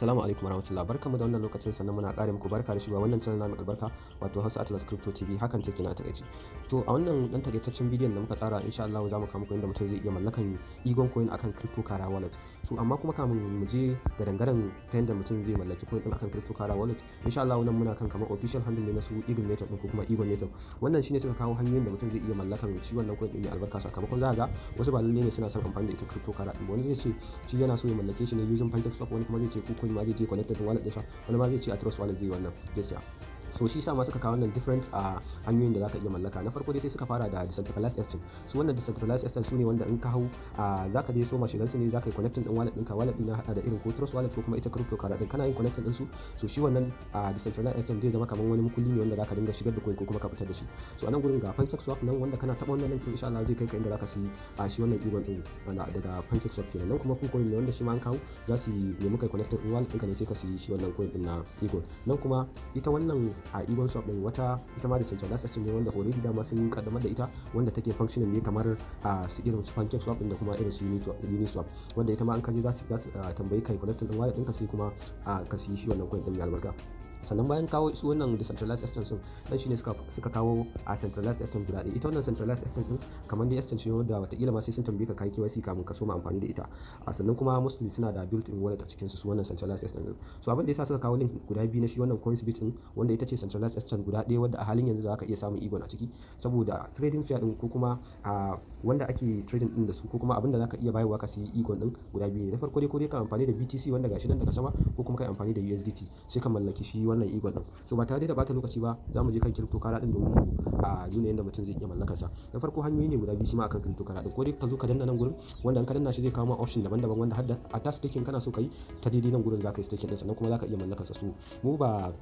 Assalamu alaikum warahmatullahi barkamu da wannan lokacin sannan muna kare muku barka da ba wannan channel namu albarka wato Hausa Atlas Crypto TV hakan take na takaici. To a wannan dan taƙaitaccen bidiyon da muka tsara insha Allah za mu kawo muku yadda mutum zai iya mallakan Egon coin akan Crypto Kara wallet. So amma kuma kamun mu je ga dangaren ta yadda mutum zai mallaki coin din akan Crypto Kara wallet insha Allah nan muna kan kamar official handle ne na su Egon Network ko kuma Egon Network. Wannan shine suka kawo hanyoyin da mutum zai iya mallakan shi wannan coin din mai albarka sakamakon za ga wasu ba lalle ne suna son amfani da ita Crypto Kara din wani zai ce shi yana so ya mallake shi ne using Swap wani kuma zai ce ko wani ma zai je connected wallet ɗinsa wani ma zai ce a trust wallet zai wannan ya siya so shi sa ma suka kawo wannan different a ah, hanyoyin da zaka iya mallaka na farko dai sai suka fara da decentralized exchange su wannan decentralized exchange su ne wanda in ka hau ah, zaka je so ma su ne zaka yi connecting din wallet ɗinka wallet ɗin hada da irin ko trust wallet ko kuma ita crypto card din kana yin connecting din su so shi wannan ah, decentralized exchange zai zama kamar wani mukulli ne wanda zaka dinga shigar da coin ko kuma ka fitar da shi so anan gurin ga pancake swap nan wanda kana taba wannan link insha Allah zai kai ka inda zaka shi a shi wannan igon din daga pancake swap kenan nan kuma kucoin ne wanda shi ma an kawo za su nemi kai connecting din wallet ɗinka ne sai ka su shi wannan coin din na igon nan kuma ita wannan a igon Shop din wata ita ma decentralized exchange ne wanda already ma sun kaddamar da ita wanda take functioning ne kamar a su irin su Pancake Swap din da kuma irin su Uniswap wanda ita ma an kaje za su tambayi kai connecting din wallet ka sai kuma ka siyi shi wannan coin din mai albarka sannan bayan kawo su wannan decentralized system sun dan shine suka suka kawo a centralized system guda ɗaya ita wannan centralized system din kamar dai system ce wanda watakila ma sai sun tambaye ka kai KYC kamun ka soma ma amfani da ita a sannan kuma mostly suna da built in wallet a cikin su wannan centralized system din so abin da yasa suka kawo link guda biyu na shi wannan Coinsbit din wanda ita ce centralized system guda ɗaya wanda a halin yanzu za ka iya samun igon a ciki saboda trading fiat din ko kuma a wanda ake trading din da su ko kuma abin da iya bayarwa ka sai Ibon din guda biyu ne na farko dai ko dai ka amfani da BTC wanda gashi nan daga sama ko kuma kai amfani da USDT sai ka mallaki shi wannan igon din so ba tare da bata lokaci ba za mu je kan crypto kara din domin a nuna yadda mutum zai iya mallakar sa na farko hanyoyi ne guda biyu shi ma akan crypto kara din ko dai ka zo ka danna nan gurin wanda an ka danna shi zai kawo ma option daban-daban wanda har da a ta staking kana so yi ta daidai nan gurin za ka yi staking din sannan kuma za ka iya mallakar sa su mu ba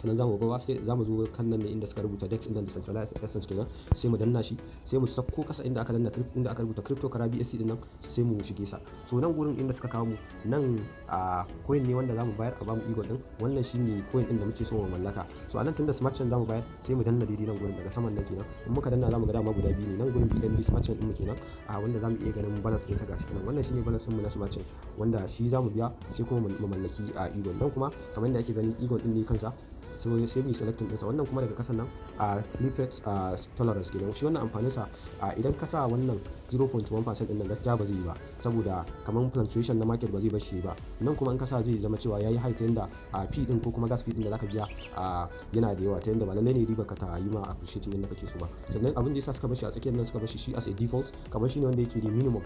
ta nan zamu gaba sai zamu zo kan nan ne inda suka rubuta dex inda decentralized essence kenan sai mu danna shi sai mu sako kasa inda aka danna inda aka rubuta crypto kara BSC din nan sai mu shige sa so nan gurin inda suka kawo mu nan a coin ne wanda zamu bayar a bamu ego din wannan shine coin din da muke so mu mallaka so anan tunda smart chain zamu bayar sai mu danna daidai nan gurin daga saman nan kenan in muka danna zamu ga dama guda biyu ne nan gurin BNB smart chain din mu kenan a wanda zamu iya ganin balance din sa gashi kenan wannan shine balance mu na smart chain wanda shi zamu biya sai kuma mu mallaki a ego nan kuma kamar da ake gani ego din ne kansa so sai mu selecting ɗinsa wannan kuma daga kasan nan a snippet tolerance kenan shi wannan amfaninsa idan ka sa wannan 0.1% ɗin nan gaskiya ba zai yi ba saboda kamar fluctuation na market ba zai bar shi ba nan kuma in ka zai zama cewa yayi high ta yanda a fee din ko kuma gas fee din da zaka biya yana da yawa ta yanda ba lallai ne riba ka ta yi ma appreciating yanda kake so ba sannan abin da yasa suka bar a tsakiyar nan suka bar shi as a default kamar shi ne wanda yake da minimum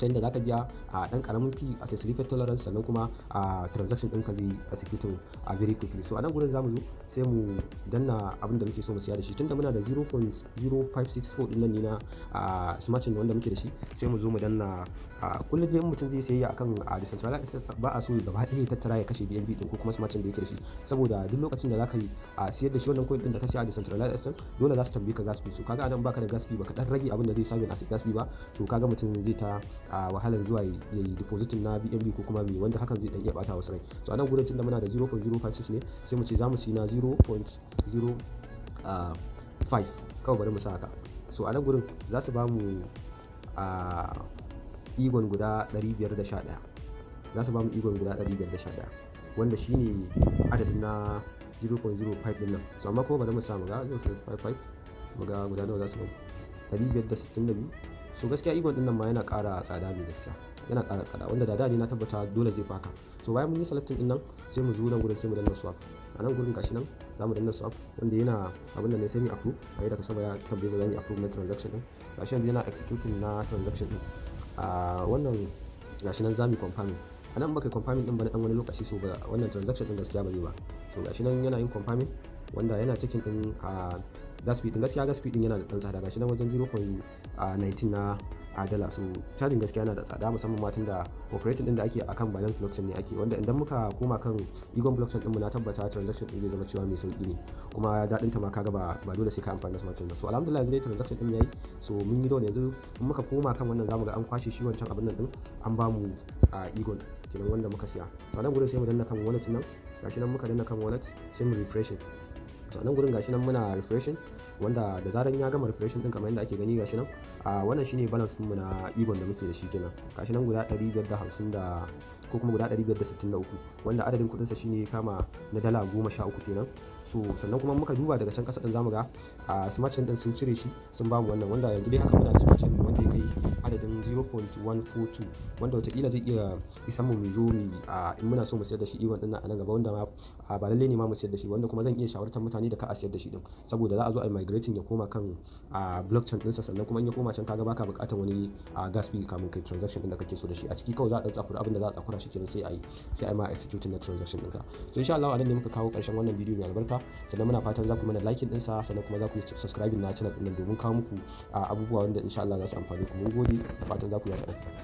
ta yadda zaka biya a dan karamin fee a session tolerance sannan kuma a transaction ka zai executing a very quickly so a nan gurin zamu zo sai mu danna abin da muke so mu siya da shi tunda muna da 0.0564 din nan ne na smart chain wanda muke da shi sai mu zo mu danna kullum dai mutum zai sayi akan decentralized ba a so gaba ɗaya tattara ya kashe BNB din ko kuma smart chain da yake da shi saboda duk lokacin da zaka yi a siyar da shi wannan coin din da ka siya a decentralized din dole za su tambaye ka gas fee so kaga anan baka da gas fee baka dan rage abin da zai samu a gas fee ba so kaga mutum zai ta a wahalar zuwa ya yi depositin na bnb ko kuma mai wanda hakan zai dan iya bata wasu rai so a nan gurin tunda muna da 0.056 ne sai mu ce za mu ci na 0.05 kawai bari mu sa haka so a nan gurin za su ba mu a igon guda 511 za su ba mu igon guda 511 wanda shine adadin na 0.05 din nan so amma kuma bari mu sa mu ga 0.55 mu ga guda nawa za su ba mu 562 so gaskiya igon din nan ma yana kara tsada ne gaskiya yana kara tsada wanda da ne na tabbata dole zai faka so bayan mun yi selecting din nan sai mu zo nan gurin sai mu danna swap a nan gurin gashi nan za mu danna swap wanda yana abin da ne sai mu approve a daga sama ya tambaye mu za mu approve na transaction din gashi yanzu yana executing na transaction din a wannan gashi nan za mu confirm a nan baka confirm din ba na dan wani lokaci so ba wannan transaction din gaskiya ba zai ba so gashi nan yana yin confirm wanda yana cikin din a gas fee gaskiya gas fee yana da dan tsada gashi ah, na wajen ah, 0.19 na a dala so cajin gaskiya yana da tsada musamman matan da operating din da ake akan balance blockchain ne ake wanda idan muka koma kan igon blockchain din mu na tabbata transaction din zai zama cewa mai sauki ne kuma dadin ta ma kaga ba ba dole sai ka amfani da smart chain ba so alhamdulillah yanzu dai transaction din yayi so mun yi don yanzu in muka koma kan wannan zamu ga an kwashe shi wancan abin nan din an ba mu a ah, igon kenan wanda muka siya sannan gudun sai mu danna kan wallet nan gashi nan muka danna kan wallet sai mu refreshing to nan gurin gashi nan muna refreshing wanda da zaran ya gama refreshing din kamar yadda ake gani gashi nan a wannan shine balance din mu na ibon da muke da shi kenan gashi nan guda 550 da ko kuma guda 563 wanda adadin kudin sa shine kama na dala 13 kenan so sannan kuma muka duba daga can kasa din zamu ga a smart din sun cire shi sun bamu wannan wanda yanzu dai haka muna da smart wanda ya kai adadin 0.142 wanda watakila zai iya isan mu zo mu in muna so mu sayar da shi iwan dinnan a nan gaba wanda ma ba lalle ne ma mu sayar da shi wanda kuma zan iya shawartar mutane da ka a sayar da shi din saboda za a zo a migrating ya koma kan blockchain sa sannan kuma in ya koma can kaga baka buƙatar wani gas fee kamun kai transaction ɗin da kake so da shi a ciki kawai za a ɗan tsakura abin da za a tsakura shi kenan sai a yi sai a yi ma execute na transaction ka to insha Allah a nan ne muka kawo ƙarshen wannan bidiyo mai albarka sannan muna fatan za ku mana din sa sannan kuma za ku yi na channel ɗin domin kawo muku abubuwa wanda insha Allah za su amfani ku mun gode da 等到回来。